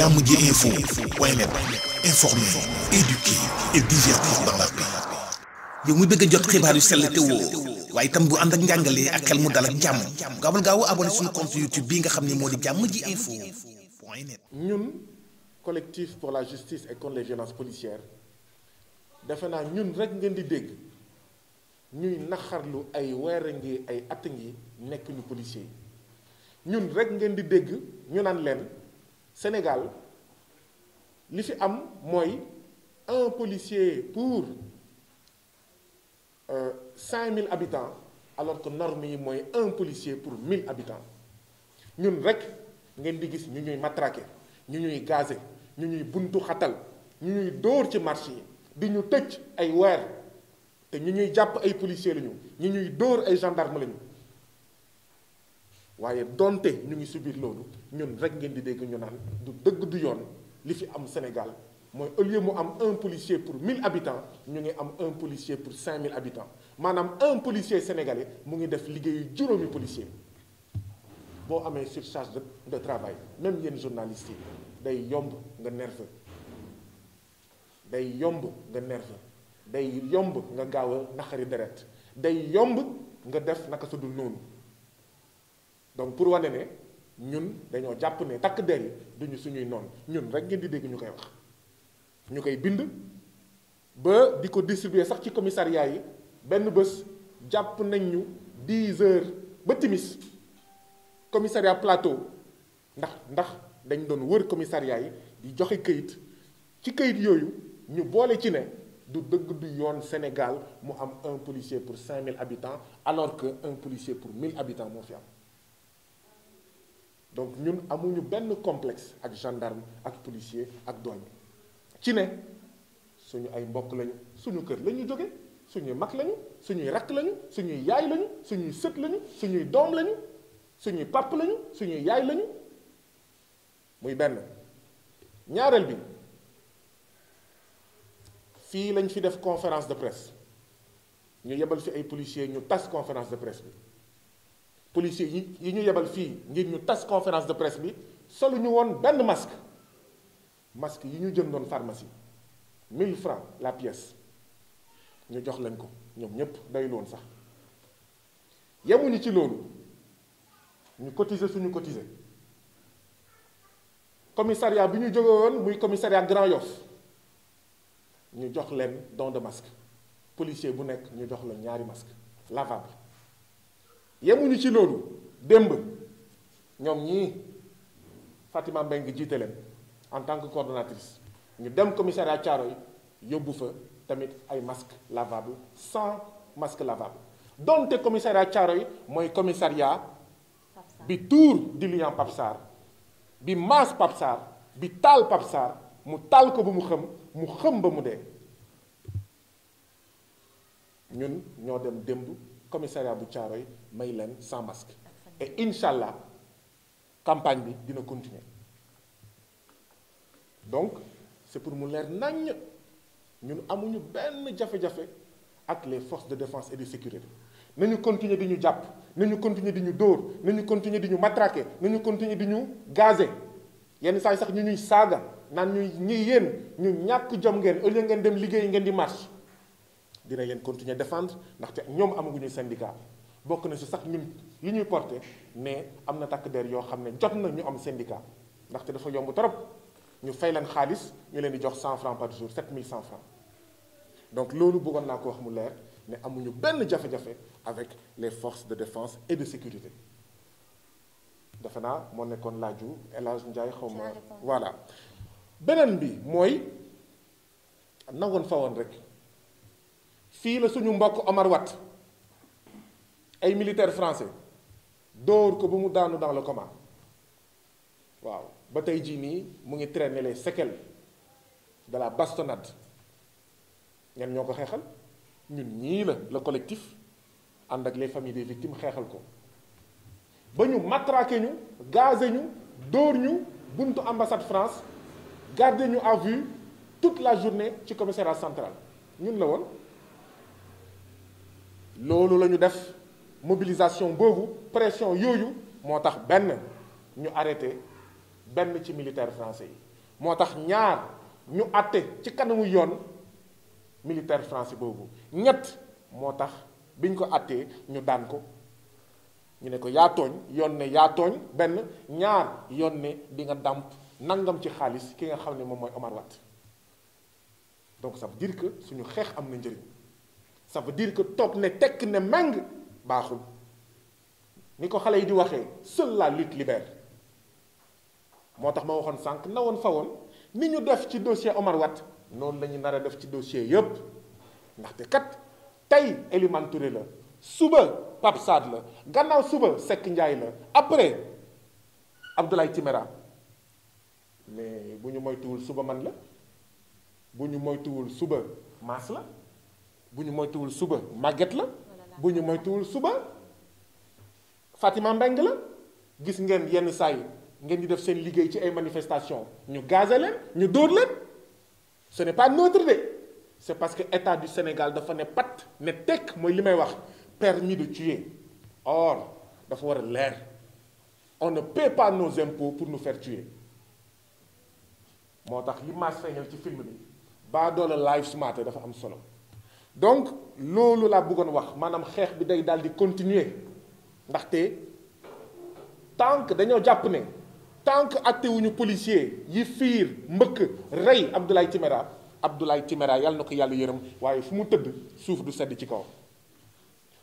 jàmm ji info point net informer, éduquer et divertir dans la paix. yow mi bëgg a jot xibaar yu sell te woo waaye itam bu ànd ak njàngalee ak xel mu dal ak jàmm gaawal gaaw abonné suñu compte YouTube bi nga xam ne moo di jàmm ji info point net. ñun collectif pour la justice et contre les violences policières defe naa ñun rek ngeen di dégg ñuy naxarlu ay weer ngi ay at ngi nekk ñu policiers yi ñun rek ngeen di dégg ñu naan leen. Sénégal li fi am mooy un policier pour euh, cinq mille habitants alors que norme yi mooy un policier pour mille habitants ñun rek ngeen di gis ñu ñuy matraquer ñu ñuy gazer ñu ñuy buntu xatal ñu ñuy dóor ci marché yi di ñu tëj ay weer te ñu ñuy jàpp ay policiers lañu ñu ñuy dóor ay gendarme lañu waaye donte ñu ngi subir loolu ñun rek ngeen di dégg ñu naan du dëgg du yoon li fi am Sénégal mooy au lieu mu am un policier pour 1000 habitants ñu ngi am un policier pour 5000 habitants maanaam un policier sénégalais mu ngi def liggéeyu juróomi policier boo amee surcharge de de travail même yéen journalistes yi day yomb nga nerveux day yomb nga nerveux day yomb nga gaaw a naqari deret day yomb nga def naka su dul noonu. donc pour wane ne ñun dañoo jàpp ne takk der yi duñu suñuy noon ñun rek ngeen di dégg ñu koy wax ñu koy bind ba di ko distribuer sax ci commissariat yi benn bés jàpp nañ ñu 10 heures ba timis commissariat plateau ndax ndax dañ doon wër commissariat yi di joxe këyit ci këyit yooyu ñu boole ci ne du dëgg du yoon Sénégal mu am un policier pour 5000 habitants alors que un policier pour 1000 habitants moo fi am. donc ñun amuñu benn complexe ak gendarme ak policier ak douane ci ne suñu ay mbokk lañu suñu kër la ñu jóge suñuy mag lañu suñuy rakk lañu suñuy yaay lañu suñuy sët lañu suñuy doom lañu suñuy pàpp lañu suñuy yaay lañu muy benn ñaareel bi fii lañ fi def conférence de presse ñu yebal fi ay policiers ñu tas conférence de presse bi policier yi yi ñu yebal fii ngir ñu tas conférence de presse bi solu ñu woon benn masque masque yi ñu jëndoon pharmacie 1000 francs la pièce ñu jox leen ko ñoom ñépp day loon sax yemuñu ci loolu ñu cotiser suñu cotiser commissariat bi ñu jóge woon muy commissariat Grand Yoff ñu jox leen don de masque policier bu nekk ñu jox leen ñaari masque lavable yemuñu ci loolu démb ñoom ñii Fatima Mbengue jiite leen en tant que coordonnatrice ñu dem commissariat Thiaroye yóbbu fa tamit ay masque lavable cent masque lavable donte commissariat yi mooy commissariat bi tuur di liant Pape bi maas Pape Sarr bi taal Pape mu taal ko bu mu xëm mu xëm ba mu dee ñun ñoo dem démb commissariat bu yi may leen sans masque et incha allah campagne bi dina continuer donc c'est pour mu leer naññ ñun amuñu benn jafe-jafe ak les forces de défense et de sécurité nañu continuer di ñu jàpp nañu continuer di ñu dóor nañu continuer di ñu matraquer nañu continuer di ñu gazer yenn saa yi sax ñu ñuy saaga naan ñu ñi yéen ñu ñàkk jom ngeen au lieu ngeen dem liggéey ngeen di marche dina leen continuer défendre ndaxte ñoom amaguñu syndicat bokk na si sax ñun li ñuy porté mais am na takk der yoo xam ne jot na ñu am syndicat ndaxte dafa yomb trop ñu fay leen xaalis ñu leen di jox cent francs par jour 7500 francs donc loolu bëggoon naa ko wax mu leer ne amuñu benn jafe-jafe avec les forces de défense et de sécurité defe naa moo nekkoon laaju El Hadj Ndiaye xaw ma voilà beneen bi mooy nangoon fa woon rek fii la suñu mbokk Omar Watt ay militaires français door ko ba mu daanu dans le coma waaw ba tey jii nii mu ngi traîner les séquelles de la bastonnade ñan ñoo ko xeexal ñun ñii la le collectif ànd ak les familles des victimes xeexal ko ba ñu matraqué ñu gazé ñu dóor ñu buntu ambassade France gardé ñu à toute la journée ci commissariat central ñun la woon loolu la ñu def. mobilisation boobu pression yooyu moo tax benn ñu arrêté benn ci militaire français yi moo tax ñaar ñu àtte ci kanamu yoon militaire français boobu ñett moo tax biñ ko àttee ñu daan ko ñu ne ko yaa yoon ne yaatooñ benn ñaar yoon ne bi nga dàmp nangam ci xaalis ki nga xam ne moom mooy Omar Watt donc ça veut dire que suñu xeex am na njëriñ sa veut dire que toog ne tekk ne meng baaxul ni ko xale yi di waxee seule la lutte libère moo tax ma waxoon sànq na woon fa woon ni ñu def ci dossier Omar Watt noonu lañuy ñu nar a def ci dossier yépp ndaxte kat tey Elimane la suba Pape Saad la gannaaw suba sekk njaay la après Abdoulaye Timéra mais bu ñu moytuwul suba man la bu ñu moytuwul suba mas la bu ñu moytuwul suba Maguette la bu ñu moytuwul suba Fatima Mbengue la gis ngeen yenn saa ngeen di def seen liggéey ci ay manifestation ñu gazé leen ñu dóor leen ce n'est pas notre de c'est parce que état du Sénégal dafa ne pat ne tekk mooy li may wax permis de tuer or dafa war a leer on ne paie pas nos impôts pour nous faire tuer moo tax li maas feeñal ci film bi baa doole live smart dafa am solo donc loolu laa bëggoon wax maanaam xeex bi day daal di continuer ndaxte tant que dañoo jàpp ne tant que attewuñu policier yi fiir mbëkk rey Abdoulaye Timéra Abdoulaye Timéra yàlla na ko yàlla yërëm waaye fu mu tëdd suuf du sedd ci kaw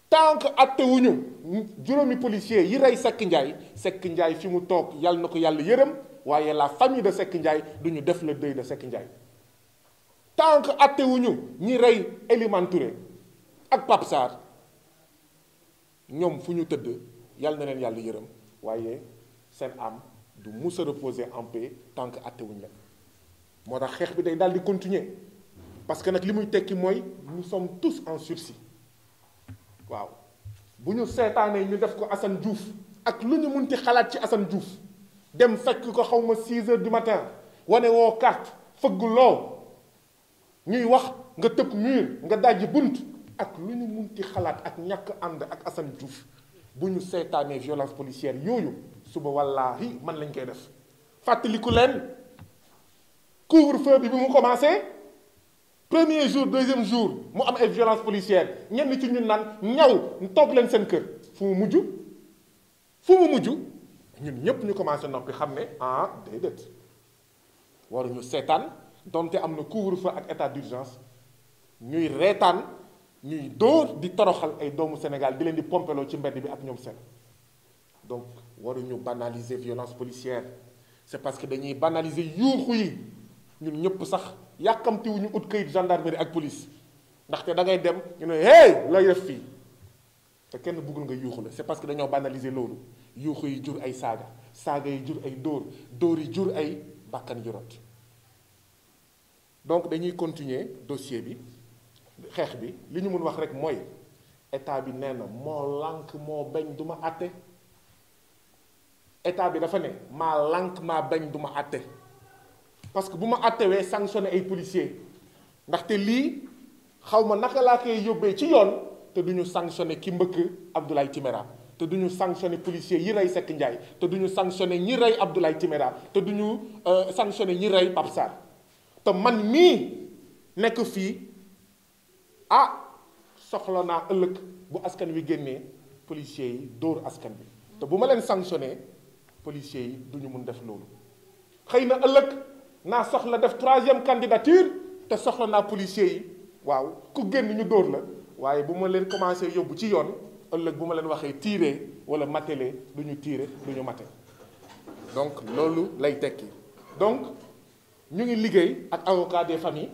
tant que attewuñu juróomi policier yi rey Seck Ndiaye Seck Ndiaye fi mu toog yàlla na ko yàlla yërëm waaye la famille de Seck Ndiaye du ñu def le deuil de Seck Ndiaye tant que atte wuñu ñi rey Elimane ak Pape ñoom fu ñu tëdd yàlla na leen yàlla yërëm waaye seen am du mus a reposer en paix tant que la moo tax xeex bi day daal di continuer parce que nag li muy tekki mooy nous sommes tous en sursis waaw bu ñu seetaanee ñu def ko Assane Diouf ak lu ñu ti xalaat ci Assane Diouf dem fekk ko xaw ma 6 heures du matin wane woo carte fëgg loo ñuy wax nga tëb mur nga dajji bunt ak lu ñu munti xalaat ak ñàkk ànd ak Assane Diouf bu ñu seetaanee violence policière yooyu suba wallaahi man lañ koy def fàttaliku leen couvre-feu bi bi mu commencé. premier jour deuxième jour mu am ay violence policière ñenn ci ñu naan ñaw toog leen seen kër fu mu mujj fu mu mujj ñun ñépp ñu commencé noppi xam ne ah déedéet waruñu seetaan donte am na couvre-feu ak état d'urgence ñuy reetaan ñuy dóor di toroxal ay doomu Sénégal di leen di pompeloo ci mbedd bi ak ñoom seen donc waruñu banaliser violence policière c'est parce que dañuy banalise yuuxu yi ñun ñëpp sax yàkkamtiwuñu ut këyit gendarmerie ak police ndaxte da ngay dem ñu ne hey looy def fii te kenn bëggul nga yuuxu la c'est parce que dañoo banaliser loolu yuuxu yi jur ay saaga saaga yi jur ay dóor dóor yi jur ay bàkkan yu donc dañuy continuer dossier bi xeex bi li ñu mun wax rek mooy état bi nee na moo lànk moo bañ duma ma àtte état bi dafa ne maa lànk maa bañ duma ma àtte parce que bu ma àttewee sanctionné ay policiers ndaxte lii xaw ma naka laa koy yóbbee ci yoon te du ñu sanctionné ki mbëkk Abdoulaye Timéra te duñu ñu sanctionné policier yi rey Seck Ndiaye te duñu ñu sanctionné ñi rey Abdoulaye Timéra te du ñu euh, sanctionné ñi rey Pape te man mii nekk fii ah soxla naa ëllëg bu askan wi génnee policiers yi dóor askan bi te bu ma leen sanctionné policiers yi duñu mun def loolu xëy na ëllëg naa soxla def troisième candidature te soxla naa policiers yi waaw ku génn ñu dóor la waaye bu ma leen commencé yóbbu ci yoon ëllëg bu ma leen waxee tiiree wala matele du ñu tiire du ñu mate donc loolu lay tekki donc ñu ngi liggéey ak avocat des familles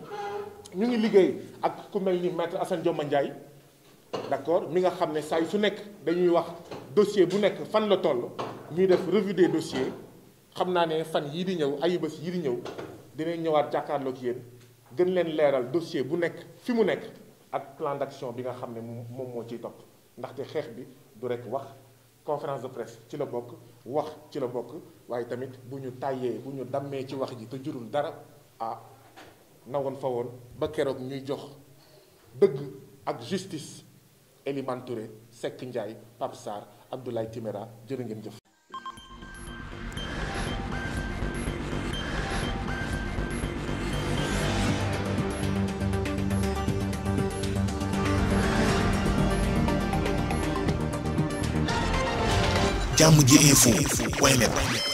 ñu ngi liggéey ak ku mel ni maître Assane Dioma Ndiaye d'accord mi nga xam ne saa su nekk dañuy wax dossier bu nekk fan la toll ñuy def revue des xam naa ne fan yii di ñëw ayubés yii di ñëw dinañ ñëwaat jàkkaarloog yéen gën leen leeral dossier bu nekk fi mu nekk ak plan d'action bi nga xam ne moom moo ciy topp ndaxte xeex bi du rekk wax conférence de presse ci la bokk wax ci la bokk waaye tamit bu ñu tàyyee bu ñu dammee ci wax ji te jurul dara ah na woon fa woon ba keroog ñuy jox dëgg ak justice Elimane Touré Seck Ndiaye Pape Sarr Abdoulaye Timéra ngeen jëf jàmm